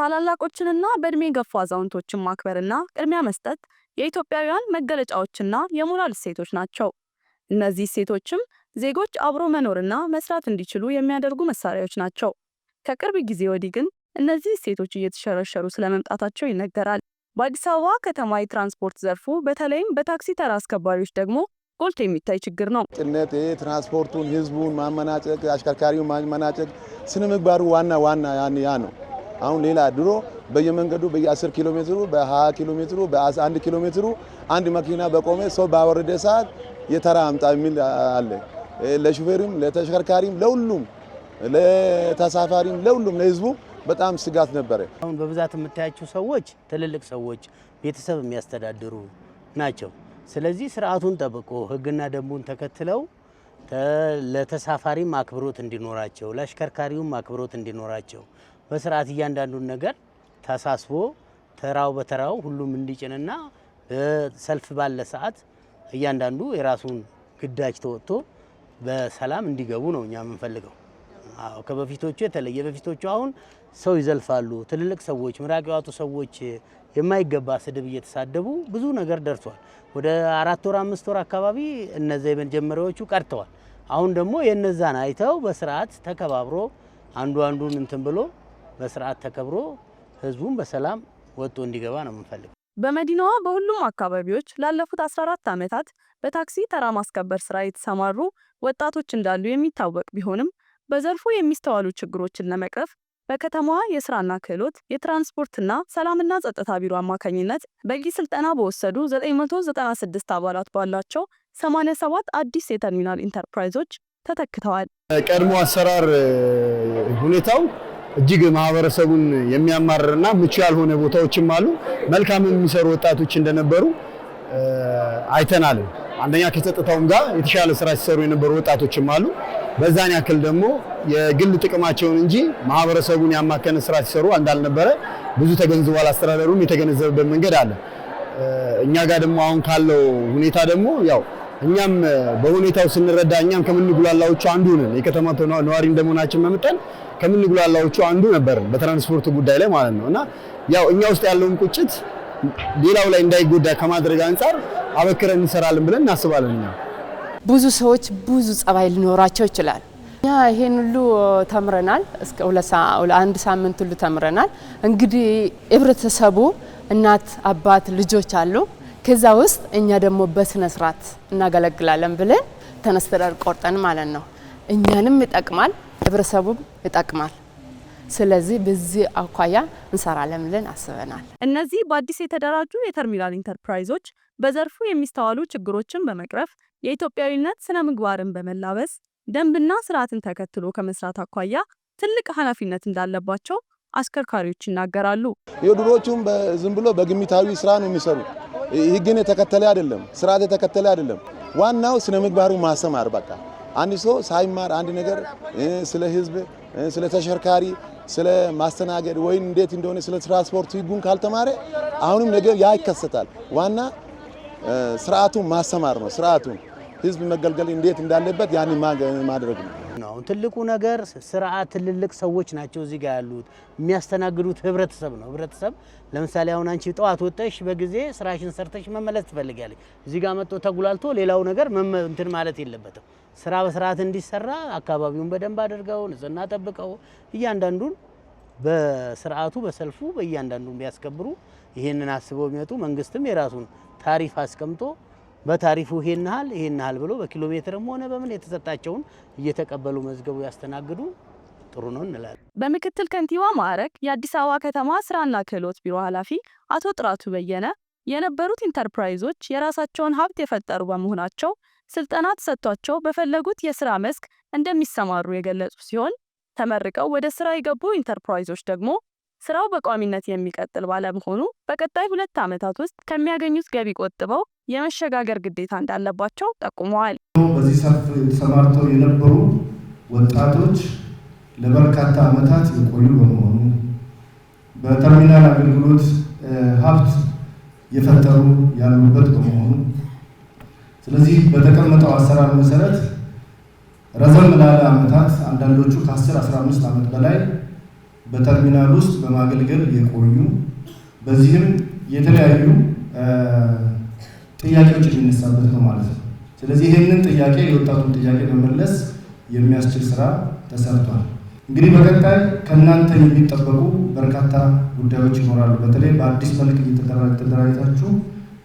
ታላላቆችንና በእድሜ የገፉ አዛውንቶችን ማክበርና ቅድሚያ መስጠት የኢትዮጵያውያን መገለጫዎችና የሞራል እሴቶች ናቸው። እነዚህ እሴቶችም ዜጎች አብሮ መኖርና መስራት እንዲችሉ የሚያደርጉ መሳሪያዎች ናቸው። ከቅርብ ጊዜ ወዲህ ግን እነዚህ እሴቶች እየተሸረሸሩ ስለመምጣታቸው ይነገራል። በአዲስ አበባ ከተማ የትራንስፖርት ዘርፉ በተለይም በታክሲ ተራ አስከባሪዎች ደግሞ ጎልቶ የሚታይ ችግር ነው። ጭነት ትራንስፖርቱን፣ ህዝቡን ማመናጨቅ፣ አሽከርካሪውን ማመናጨቅ፣ ስነ ምግባሩ ዋና ዋና ያ ነው። አሁን ሌላ ድሮ በየመንገዱ በየ10 ኪሎ ሜትሩ በ20 ኪሎ ሜትሩ በ1 ኪሎ ሜትሩ አንድ መኪና በቆመ ሰው ባወረደ ሰዓት የተራ አምጣ የሚል አለ። ለሹፌርም፣ ለተሽከርካሪም፣ ለሁሉም ለተሳፋሪም፣ ለሁሉም ለህዝቡ በጣም ስጋት ነበረ። አሁን በብዛት የምታያቸው ሰዎች ትልልቅ ሰዎች ቤተሰብ የሚያስተዳድሩ ናቸው። ስለዚህ ስርዓቱን ጠብቆ ህግና ደንቡን ተከትለው ለተሳፋሪም አክብሮት እንዲኖራቸው ለአሽከርካሪውም አክብሮት እንዲኖራቸው በስርዓት እያንዳንዱን ነገር ተሳስቦ ተራው በተራው ሁሉም እንዲጭንና በሰልፍ ባለ ሰዓት እያንዳንዱ የራሱን ግዳጅ ተወጥቶ በሰላም እንዲገቡ ነው እኛ የምንፈልገው። አዎ ከበፊቶቹ የተለየ በፊቶቹ አሁን ሰው ይዘልፋሉ። ትልልቅ ሰዎች፣ ምራቅ ሰዎች የማይገባ ስድብ እየተሳደቡ ብዙ ነገር ደርሷል። ወደ አራት ወር አምስት ወር አካባቢ እነዚያ የመጀመሪያዎቹ ቀርተዋል። አሁን ደግሞ የእነዛን አይተው በስርዓት ተከባብሮ አንዱ አንዱን እንትን ብሎ በስርዓት ተከብሮ ህዝቡን በሰላም ወጥቶ እንዲገባ ነው የምንፈልግ። በመዲናዋ በሁሉም አካባቢዎች ላለፉት 14 ዓመታት በታክሲ ተራ ማስከበር ስራ የተሰማሩ ወጣቶች እንዳሉ የሚታወቅ ቢሆንም በዘርፉ የሚስተዋሉ ችግሮችን ለመቅረፍ በከተማዋ የስራና ክህሎት የትራንስፖርትና ሰላምና ጸጥታ ቢሮ አማካኝነት በቂ ስልጠና በወሰዱ 996 አባላት ባላቸው 87 አዲስ የተርሚናል ኢንተርፕራይዞች ተተክተዋል። ቀድሞ አሰራር ሁኔታው እጅግ ማህበረሰቡን የሚያማርርና ምቹ ያልሆነ ቦታዎችም አሉ። መልካም የሚሰሩ ወጣቶች እንደነበሩ አይተናል። አንደኛ ከጸጥታውም ጋር የተሻለ ስራ ሲሰሩ የነበሩ ወጣቶችም አሉ። በዛን ያክል ደግሞ የግል ጥቅማቸውን እንጂ ማህበረሰቡን ያማከነ ስራ ሲሰሩ እንዳልነበረ ብዙ ተገንዝቧል። አስተዳደሩም የተገነዘበበት መንገድ አለ። እኛ ጋር ደግሞ አሁን ካለው ሁኔታ ደግሞ ያው እኛም በሁኔታው ስንረዳ እኛም ከምንጉላላዎቹ አንዱ ነን። የከተማ ነዋሪ እንደመሆናችን መምጠን ከምንጉላላዎቹ አንዱ ነበር በትራንስፖርት ጉዳይ ላይ ማለት ነው። እና ያው እኛ ውስጥ ያለውን ቁጭት ሌላው ላይ እንዳይጎዳ ከማድረግ አንጻር አበክረን እንሰራለን ብለን እናስባለን። እኛ ብዙ ሰዎች ብዙ ጸባይ ሊኖራቸው ይችላል። እኛ ይሄን ሁሉ ተምረናል። እስከ አንድ ሳምንት ሁሉ ተምረናል። እንግዲህ ህብረተሰቡ እናት፣ አባት፣ ልጆች አሉ ከዛ ውስጥ እኛ ደግሞ በስነ ስርዓት እናገለግላለን ብለን ተነስተን ቆርጠን ማለት ነው። እኛንም ይጠቅማል፣ ህብረተሰቡም ይጠቅማል። ስለዚህ በዚህ አኳያ እንሰራለን ብለን አስበናል። እነዚህ በአዲስ የተደራጁ የተርሚናል ኢንተርፕራይዞች በዘርፉ የሚስተዋሉ ችግሮችን በመቅረፍ የኢትዮጵያዊነት ስነ ምግባርን በመላበስ ደንብና ስርዓትን ተከትሎ ከመስራት አኳያ ትልቅ ኃላፊነት እንዳለባቸው አሽከርካሪዎች ይናገራሉ። የድሮቹም ዝም ብሎ በግምታዊ ስራ ነው የሚሰሩ ህግን የተከተለ አይደለም፣ ስርዓት የተከተለ አይደለም። ዋናው ስነ ምግባሩ ማሰማር በቃ አንድ ሰው ሳይማር አንድ ነገር ስለ ህዝብ፣ ስለ ተሽከርካሪ፣ ስለ ማስተናገድ ወይም እንዴት እንደሆነ ስለ ትራንስፖርት ህጉን ካልተማረ አሁንም ነገር ያ ይከሰታል። ዋና ስርዓቱን ማሰማር ነው ስርዓቱን ህዝብ መገልገል እንዴት እንዳለበት ያን ማድረግ ነው። አሁን ትልቁ ነገር ስርዓት ትልልቅ ሰዎች ናቸው እዚህ ጋር ያሉት የሚያስተናግዱት ህብረተሰብ ነው። ህብረተሰብ ለምሳሌ አሁን አንቺ ጠዋት ወጠሽ በጊዜ ስራሽን ሰርተሽ መመለስ ትፈልጊያለሽ። እዚህ ጋር መጥቶ ተጉላልቶ ሌላው ነገር እንትን ማለት የለበትም። ስራ በስርዓት እንዲሰራ አካባቢውን በደንብ አድርገው ንጽህና ጠብቀው እያንዳንዱን በስርዓቱ በሰልፉ በእያንዳንዱ ቢያስከብሩ ይህንን አስበው የሚመጡ መንግስትም የራሱን ታሪፍ አስቀምጦ በታሪፉ ይሄን ያህል ይሄን ያህል ብሎ በኪሎ ሜትርም ሆነ በምን የተሰጣቸውን እየተቀበሉ መዝገቡ ያስተናግዱ። ጥሩ ነው እንላለን። በምክትል ከንቲባ ማዕረግ የአዲስ አበባ ከተማ ስራና ክህሎት ቢሮ ኃላፊ አቶ ጥራቱ በየነ የነበሩት ኢንተርፕራይዞች የራሳቸውን ሀብት የፈጠሩ በመሆናቸው ስልጠና ተሰጥቷቸው በፈለጉት የስራ መስክ እንደሚሰማሩ የገለጹ ሲሆን ተመርቀው ወደ ስራ የገቡ ኢንተርፕራይዞች ደግሞ ስራው በቋሚነት የሚቀጥል ባለመሆኑ በቀጣይ ሁለት ዓመታት ውስጥ ከሚያገኙት ገቢ ቆጥበው የመሸጋገር ግዴታ እንዳለባቸው ጠቁመዋል። በዚህ ሰፍ ተሰማርተው የነበሩ ወጣቶች ለበርካታ ዓመታት የቆዩ በመሆኑ በተርሚናል አገልግሎት ሀብት የፈጠሩ ያሉበት በመሆኑ ስለዚህ በተቀመጠው አሰራር መሰረት ረዘም ላለ ዓመታት አንዳንዶቹ ከ10 15 ዓመት በላይ በተርሚናል ውስጥ በማገልገል የቆዩ በዚህም የተለያዩ ጥያቄዎች የሚነሳበት ነው ማለት ነው። ስለዚህ ይህንን ጥያቄ የወጣቱን ጥያቄ መመለስ የሚያስችል ስራ ተሰርቷል። እንግዲህ በቀጣይ ከእናንተ የሚጠበቁ በርካታ ጉዳዮች ይኖራሉ። በተለይ በአዲስ መልክ እየተደራጅታችሁ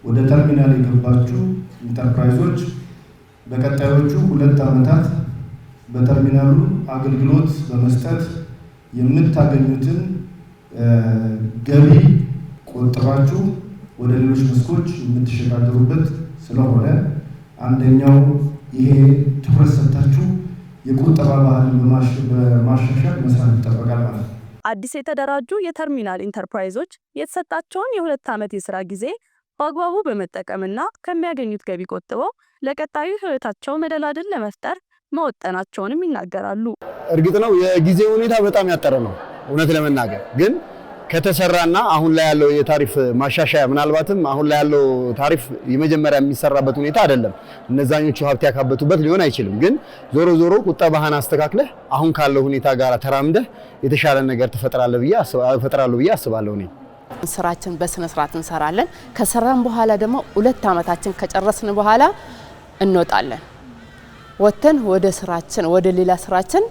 ወደ ተርሚናል የገባችሁ ኢንተርፕራይዞች በቀጣዮቹ ሁለት ዓመታት በተርሚናሉ አገልግሎት በመስጠት የምታገኙትን ገቢ ቆጥባችሁ ወደ ሌሎች መስኮች የምትሸጋገሩበት ስለሆነ አንደኛው ይሄ ትኩረት ሰጥታችሁ የቁጠባ ባህል በማሻሻል መስራት ይጠበቃል ማለት ነው። አዲስ የተደራጁ የተርሚናል ኢንተርፕራይዞች የተሰጣቸውን የሁለት ዓመት የስራ ጊዜ በአግባቡ በመጠቀምና ከሚያገኙት ገቢ ቆጥበው ለቀጣዩ ህይወታቸው መደላድል ለመፍጠር መወጠናቸውንም ይናገራሉ። እርግጥ ነው የጊዜ ሁኔታ በጣም ያጠረ ነው። እውነት ለመናገር ግን ከተሰራና አሁን ላይ ያለው የታሪፍ ማሻሻያ ምናልባትም አሁን ላይ ያለው ታሪፍ የመጀመሪያ የሚሰራበት ሁኔታ አይደለም። እነዛኞቹ ሀብት ያካበቱበት ሊሆን አይችልም። ግን ዞሮ ዞሮ ቁጠባህን አስተካክለህ አሁን ካለው ሁኔታ ጋር ተራምደህ የተሻለ ነገር ትፈጥራለህ ብዬ አስባለሁ። እኔ ስራችን በስነ ስርዓት እንሰራለን። ከሰራን በኋላ ደግሞ ሁለት ዓመታችን ከጨረስን በኋላ እንወጣለን። ወጥተን ወደ ስራችን ወደ ሌላ ስራችን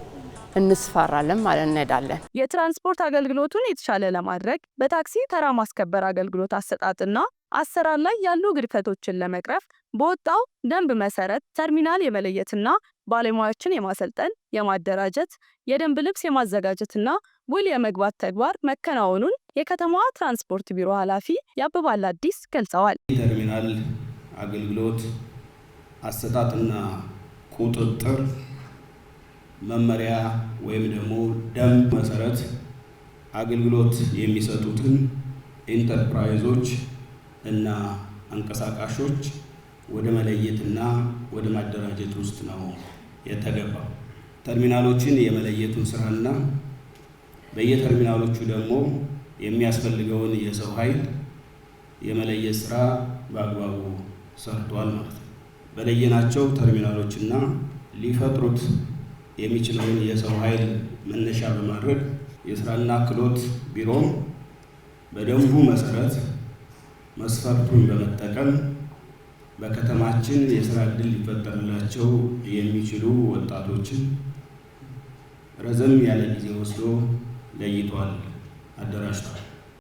እንስፋራለን ማለት እንሄዳለን። የትራንስፖርት አገልግሎቱን የተሻለ ለማድረግ በታክሲ ተራ ማስከበር አገልግሎት አሰጣጥና አሰራር ላይ ያሉ ግድፈቶችን ለመቅረፍ በወጣው ደንብ መሰረት ተርሚናል የመለየትና ባለሙያዎችን የማሰልጠን፣ የማደራጀት፣ የደንብ ልብስ የማዘጋጀትና ውል የመግባት ተግባር መከናወኑን የከተማዋ ትራንስፖርት ቢሮ ኃላፊ ያበባል አዲስ ገልጸዋል። ተርሚናል አገልግሎት አሰጣጥና ቁጥጥር መመሪያ ወይም ደግሞ ደንብ መሰረት አገልግሎት የሚሰጡትን ኢንተርፕራይዞች እና አንቀሳቃሾች ወደ መለየትና ወደ ማደራጀት ውስጥ ነው የተገባው። ተርሚናሎችን የመለየቱን ስራና በየተርሚናሎቹ ደግሞ የሚያስፈልገውን የሰው ኃይል የመለየት ስራ በአግባቡ ሰርቷል ማለት ነው። በለየናቸው ተርሚናሎችና ሊፈጥሩት የሚችለውን የሰው ኃይል መነሻ በማድረግ የስራና ክህሎት ቢሮም በደንቡ መሰረት መስፈርቱን በመጠቀም በከተማችን የስራ እድል ሊፈጠርላቸው የሚችሉ ወጣቶችን ረዘም ያለ ጊዜ ወስዶ ለይቷል፣ አደራጅቷል።